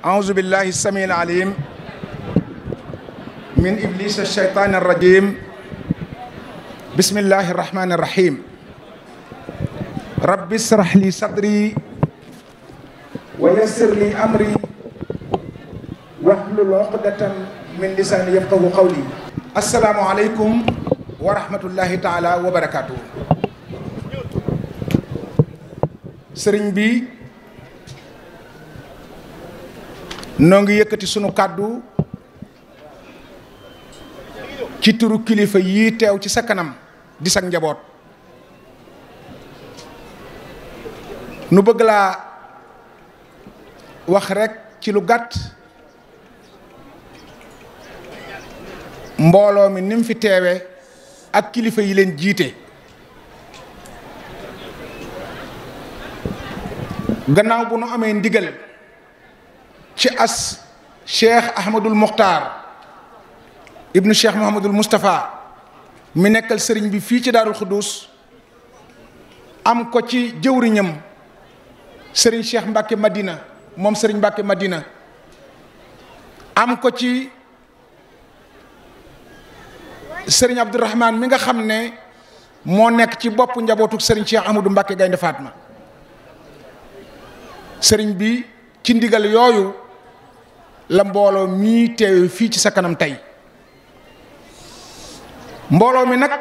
أعوذ بالله السميع العليم من إبليس الشيطان الرجيم بسم الله الرحمن الرحيم رب اشرح لي صدري ويسر لي أمري واحلل عقدة من لساني يفقه قولي السلام عليكم ورحمة الله تعالى وبركاته sëriñ bi noo ngi yëkkati sunu kàddu ci turu kilifa yii teew ci sa kanam di sa njaboot nu bëgg laa wax rekk ci lu gàtt mbooloo mi ni fi teewe ak kilifa yi leen jiite gannaaw bu nu amee ndigal ci as cheikh Ahmadul Muxtaar ibnu cheikh Mouhamadul Moustapha mi nekkal sëriñ bi fii ci Daarul Xuddus am ko ci jëwriñam sëriñ cheikh Mbacke Madina moom sëriñ Mbacke Madina am ko ci sëriñ Abdourahman mi nga xam ne moo nekk ci bopp njabootuk sëriñ cheikh Amadou Mbacke Gaynde Fatma sëriñ bi ci ndigal yooyu. la mbooloo mii teewe fii ci sa kanam tey mbooloo mi nag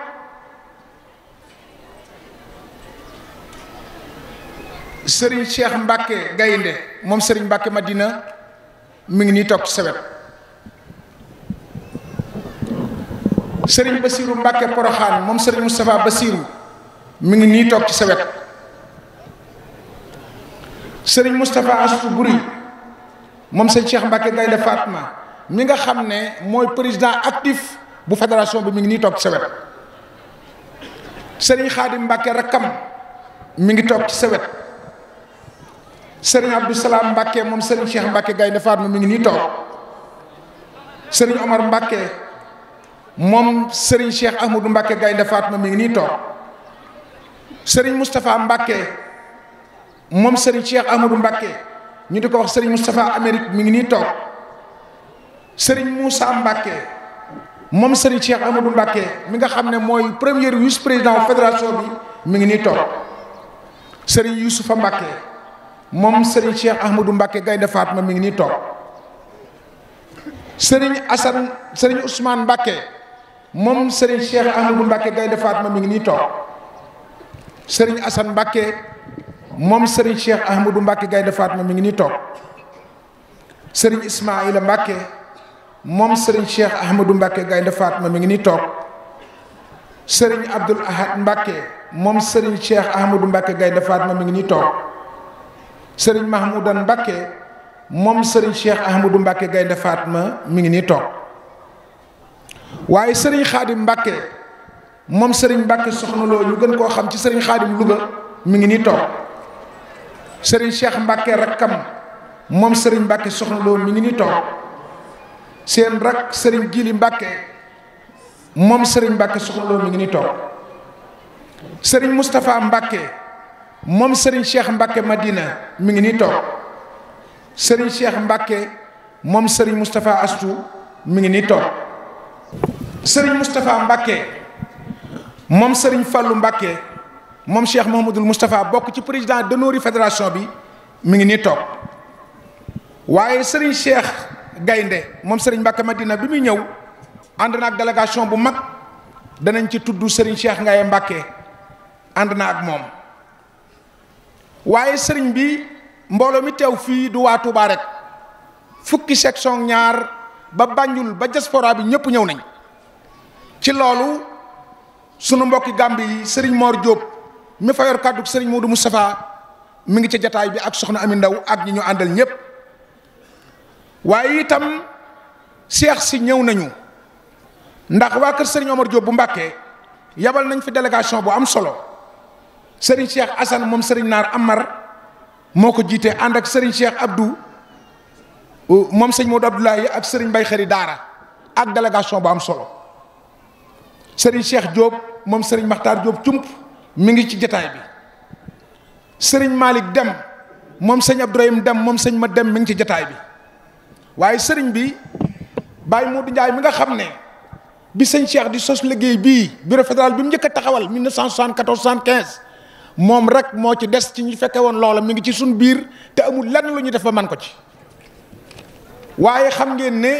sëriñ Cheikh Mbacke gaynde moom sëriñ Mbacke Madina mu ngi nii toog ci sa wet sëriñ Bassirou Mbacke Poroxaan moom sëriñ Moustapha Bassirou mi ngi nii toog ci sa sëriñ Moustapha Astou Buri moom sëñ Cheikh Mbacke Gaynde Fatma mi nga xam ne mooy président actif bu fédération bi mi ngi nii toog ci sa wet sëriñ Xaadim Mbacke mi ngi toog ci sa wet sëriñ Abdou Salaam Mbacke moom sëriñ Cheikh Mbacke Gaynde mi ngi nii toog sëriñ Omar moom sëriñ Cheikh Ahmadou Mbacke Gaynde Fatma mi ngi nii toog sëriñ Moustapha Mbacke moom sëriñ Cheikh Ahmadou Mbacke. ñu di ko wax sëriñ Moustapha Amérique mi ngi nii toog sëriñ Moussa Mbacké moom sëriñ Cheikh Amadou Mbacké mi nga xam ne mooy premier vice président fédération mi ngi nii toog sëriñ Youssoufa Mbacké moom sëriñ Cheikh Amadou Mbacké Gaynde Fatma mi ngi nii toog sëriñ Assane sëriñ Ousmane Mbacké moom sëriñ Cheikh Amadou Mbacké Gaynde Fatma mi ngi nii toog sëriñ Assane Mbacké moom Serigne Cheikh Ahmadou Mbacke Gaynde Fatma mi ngi nii toog Serigne Ismaïla Mbacke moom Serigne Cheikh Ahmadou Mbacke Gaynde Fatma mi ngi nii toog Serigne Abdoul Ahad Mbacke moom Serigne Cheikh Ahmadou Mbacke Gaynde Fatma mi ngi nii toog Serigne Mahmoudan Mbacke moom Serigne Cheikh Ahmadou Mbacke Gaynde ma mi ngi nii toog waaye sëriñ Khadim Mbacke moom Serigne Mbacke soxna loo ñu gën koo xam ci Serigne Khadim Louga mi ngi nii toog. sëriñ Cheikh Mbacke rakkam moom sëriñ Mbacke soxna Lo mi ngi ni toog seen rak sëriñ Jili Mbacke moom sëriñ Mbacke soxna Lo mi ngi ni toog sëriñ Moustapha Mbacke moom sëriñ Cheikh Mbacke Madina mi ngi ni toog sëriñ Cheikh Mbacke moom sëriñ mustafa Astou mi ngi ni toog sëriñ Moustapha Mbacke moom sëriñ Fallou Mbacke. moom Cheikh Mouhamadul Moustapha bokk ci président d'honneur fédération bi mu ngi nii toog waaye Serigne Cheikh Gaynde moom Serigne Mbacke Madina bi muy ñëw ànd na ak délégation bu mag danañ ci tudd Serigne Cheikh ngay Mbacke ànd na ak moom waaye sëriñ bi mbooloo mi teew fii du waa Touba rek fukki section ñaar ba Banjul ba diaspora bi ñëpp ñëw nañ ci loolu sunu mbokki Gàmbi yi sëriñ moor Diop. mi fa yor kàddu sëriñ mu Moustapha mu ngi ci jataay bi ak soxna Ami Ndaw ak ñi ñu àndal ñépp waaye itam seex si ñëw nañu ndax waa kër sëriñ Omar Diop bu Mbàkke yabal nañ fi délégation bu am solo sëriñ Cheikh Assane moom sëriñ Naar Amar moo ko jiitee ànd ak sëriñ Cheikh Abdou moom sëñ Modou Abdoulaye ak sëriñ Mbay Xëri Daara ak délégation bu am solo sëriñ Cheikh Diop moom sëriñ Makhtar Diop Cump mi ngi ci jataay bi sëriñ Malick dem moom sëñ Abdourahim dem moom sëñ ma dem mi ngi ci jataay bi waaye sëriñ bi Baye Modou Ndiaye mi nga xam ne bi sëñ Cheikh di sos liggéey bii bureau fédéral bi mu njëkk a taxawal 1974 75 moom rek moo ci des ci ñu fekke woon loola mu ngi ci suñ biir te amul lenn lu ñu def ba man ko ci waaye xam ngeen ne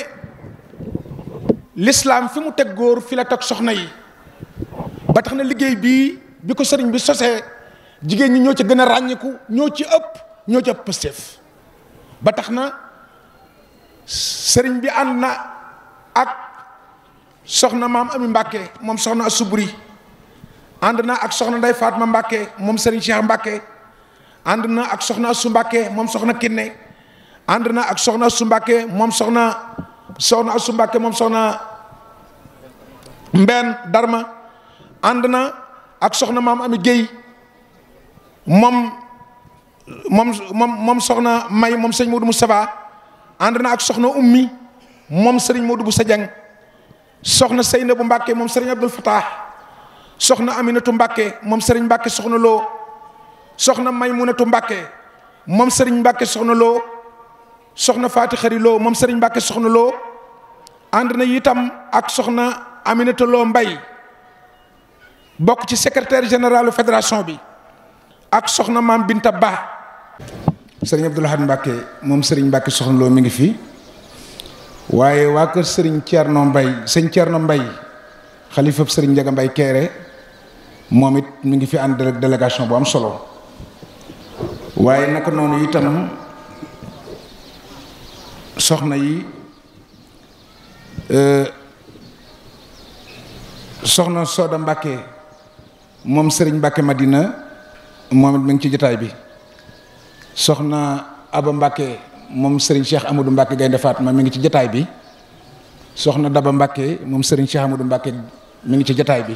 l'islam fi mu teg góor fi la teg soxna yi ba tax na liggéey bii. bi ko sëriñ bi sosee jigéen ñi ñoo ci gën a ràññiku ñoo ci ëpp ñoo ci ëpp pëstéef ba tax na sëriñ bi ànd na ak soxna maam ami Mbàkke moom soxna asuburi ànd na ak soxna nday Fatma Mbàkke moom sëriñ Cheikh Mbàkke ànd na ak soxna asu Mbàkke moom soxna Kinne ànd na ak soxna asu Mbàkke moom soxna soxna asu Mbàkke moom soxna mbenn darma ànd ak soxna maam ami Guèye moom moom soxna may moom sëñ Modou Moustapha ànd na ak soxna ummi moom sëriñ Modou bu Sajang soxna na bu Mbàkke moom sëriñ Abdul Fatah soxna Aminatu Mbàkke moom sëriñ Mbàkke soxna Lo soxna Maymunatu Mbàkke moom sëriñ Mbàkke soxna Lo soxna Faati Xari Lo moom sëriñ Mbàkke soxna loo ànd na ak soxna Aminatu Lo Mbay bokk ci secretaire général fédération bi ak soxna maam Binta Ba. sëriñ Abdoul Ahad Mbacke moom sëriñ Mbacke soxna loo mi ngi fi waaye waa kër sëriñ Thierno Mbaye sëñ Thierno Mbaye xalifa sëriñ Ndiaga mbay Kéré moom it mu ngi fi ànd ak délégation bu am solo waaye naka noonu itam soxna yi euh, soxna Soda Mbacke. moom sëriñ Mbàkke Madina moom it mu ngi ci jataay bi soxna Aba Mbàkke moom sëriñ Cheikh Amadou Mbàkke Gaynde Fatma mi ngi ci jataay bi soxna Daba Mbàkke moom sëriñ Cheikh Amadou Mbàkke mi ngi ci jotaay bi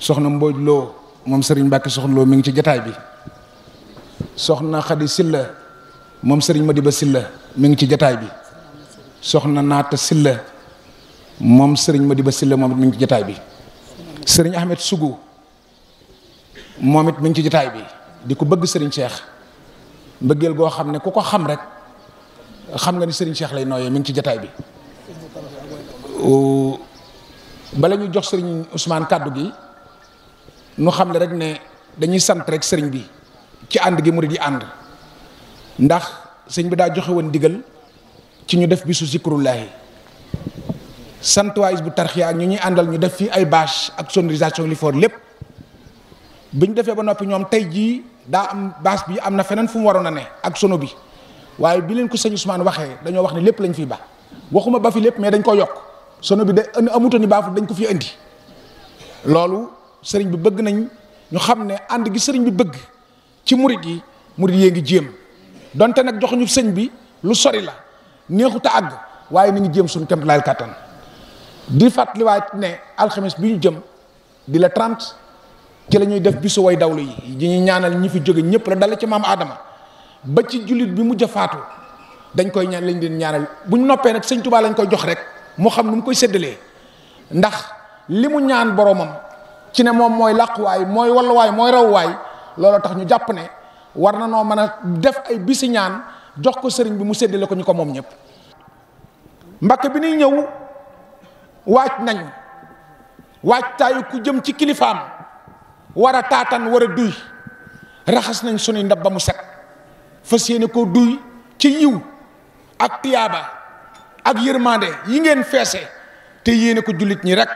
soxna Mbodj moom sëriñ Mbàkke soxna mi ngi ci jataay bi soxna Xadi Silla moom sëriñ Madiba Silla mi ngi ci jotaay bi soxna Naata Silla moom sëriñ Madiba Silla moom it ngi ci jataay bi sëriñ Ahmed Sougou moom it mi ngi ci jotaay bi di ko bëgg Serigne Cheikh mbëggeel goo xam ne ku ko xam rek xam nga ni Serigne Cheikh lay nooyee mi ngi ci jotaay bi. bala ñu jox Serigne Ousmane kàddu gi nu xam ne rek ne dañuy sant rek sëriñ bi ci ànd gi mu yi ànd ndax sëñ bi daa joxe woon digal ci ñu def bisu zikrullahi sant waayis bu tarxiya ak ñu ñuy àndal ñu def fii ay bâche ak sonorisation li foor lépp. bi ñu defee ba noppi ñoom tey jii daa am bâche bi am na feneen fu mu waroon a ne ak sono bi waaye bi leen ko sëñ Ousmane waxee dañoo wax ne lépp lañu fi ba waxuma ba fi lépp mais dañ ko yokk sono bi de da amutoon ni baaxul dañ ko fi indi loolu sëriñ bi bëgg nañ ñu xam ne ànd gi sëriñ bi bëgg ci murit yi murit yee ngi jéem donte nag joxuñu sëñ bi lu sori la neexut àgg waaye ni ngi jéem suñu kéem laal kattan di fàttaliwaat ne alxames bi ñu jëm di la 30. ci la ñuy def bisu way dawlu yi di ñuy ñaanal ñi fi jóge ñëpp la dala ci maam Adama ba ci jullit bi mu a dañ koy ñaan lañ leen ñaanal bu ñu noppee nag sëñ Tuubaa lañ koy jox rek moo xam nu mu koy séddalee ndax li mu ñaan boromam ci ne moom mooy làquwaay mooy walluwaay mooy rawwaay looloo tax ñu jàpp ne war na noo mën a def ay bisi ñaan jox ko sëriñ bi mu séddale ko ñu ko moom ñépp Mbàkke bi ñuy ñëw waaj nañ waaj taayu ku jëm ci kilifaam. war a taataan war a duy raxas nañ sunuy ndab ba mu set fas yéene koo duy ci yiw ak tiyaaba ak yërmande yi ngeen feese te yéene ko jullit ñi rek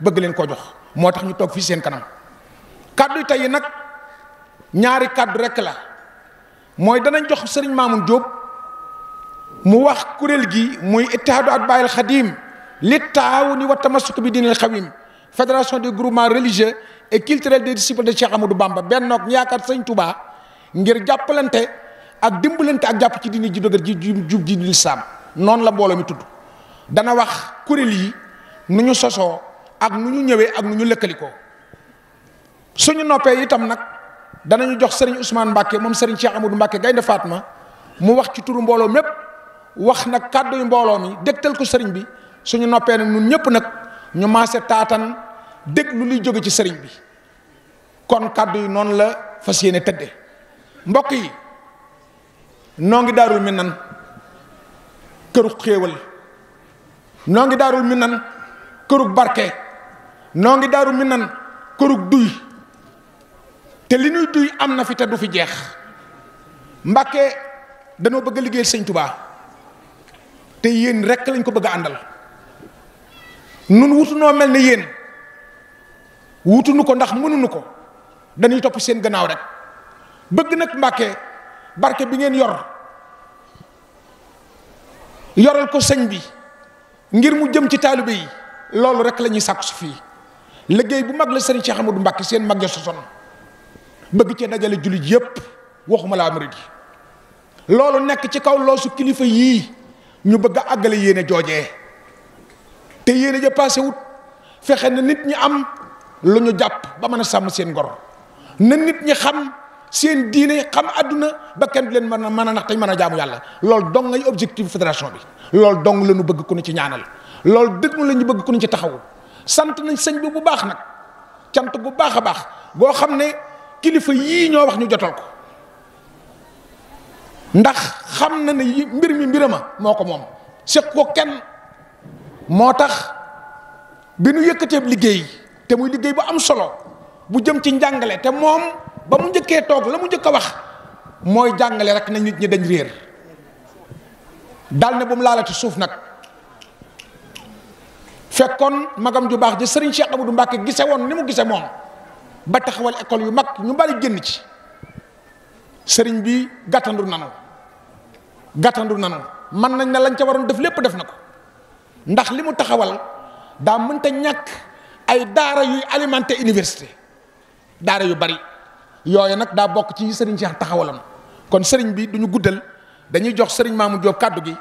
bëgg leen koo jox moo tax ñu toog fii seen kanam kàddu tey yi nag ñaari kàddu rekk la mooy danañ jox sëriñ Mamoune Diop mu wax kuréel gi muy ittihadu at bàyyil xadiim li taawuni wa tamasuk bi diinil xawim fédération des groupement religieux et culturels des disciples de Cheikh Amadou Bamba bennoog yaakaar sëñ Touba ngir jàppalante ak dimbalante ak jàpp ci diine ji dëgër ji jub ji lislaam noonu la mbooloo mi tudd dana wax kuréel yi nu ñu sosoo ak nu ñu ñëwee ak nu ñu lëkkalikoo suñu noppee itam nag danañu jox sëriñ Ousmane Mbacke moom sëriñ Cheikh Amadou Mbacke Gaynde Fatma mu wax ci turu mbooloo mépp wax nag kàddu yu mbooloo mi dégtal ko sëriñ bi suñu noppee nag ñun ñëpp nag. ñu maase taatan déglu luy jóge ci sëriñ bi kon kàddu yi noonu la fas yéene tëdde mbokk yi noo ngi daarul mi nan këru xéewal noo ngi daarul mi nan kërug barke noo ngi daarul mi nan duy te li ñuy duy am na fi te du fi jeex mbàkke danoo bëgg a liggéey sëñ tubaa te yéen rekk lañ ko bëgg a àndal nun wutu noo mel ne yéen wutunu ko ndax mënunu ko dañuy topp seen gannaaw rek bëgg nag Mbàkke barke bi ngeen yor yoral ko sëñ bi ngir mu jëm ci taalibe yi loolu rek lañuy ñuy su fii liggéey bu mag la sëriñ Cheikh Amadou Mbàkke seen mag ya sosoon bëgg cee dajale jullit yépp waxuma laa murid loolu nekk ci kaw loosu kilifa yii ñu bëgg a àggale yéene joojee te yéene ja paase wut fexe na nit ñi am lu ñu jàpp ba mën a sàmm seen ngor na nit ñi xam seen diine xam àdduna ba kenn du leen mën a mën a nax te mën a jaamu yàlla lool dong ngay objectif fédération bi loolu dong la ñu bëgg ku ñu ci ñaanal loolu dëgg la ñu bëgg ku ñu ci taxawu sant nañ sëñ bi bu baax nag cant bu baax a baax boo xam ne kilifa yii ñoo wax ñu jotal ko ndax xam na ne mbir mi mbirama moo ko moom seq ko kenn. moo tax bi nu yëkkateeb liggéey te muy liggéey bu am solo bu jëm ci njàngale te moom ba mu njëkkee toog la mu njëkk a wax mooy jàngale rek na nit ñi dañ réer dal ne bu mu laalati suuf nag fekkoon magam ju baax ji sëriñ Cheikh du Mbacke gise woon ni mu gise moom ba taxawal ecole yu mag ñu bari génn ci sëriñ bi gàttandu nanu gàttandu nanu man nañ ne lañ ca waroon def lépp def na ko ndax li mu taxawal daa mënta ñàkk ay daara yuy alimenté université daara yu bari yooyu nag daa bokk ci sëriñ Cheikh taxawaloon kon sëriñ bi duñu guddal dañuy jox sëriñ Mamour Diop kàddu gi.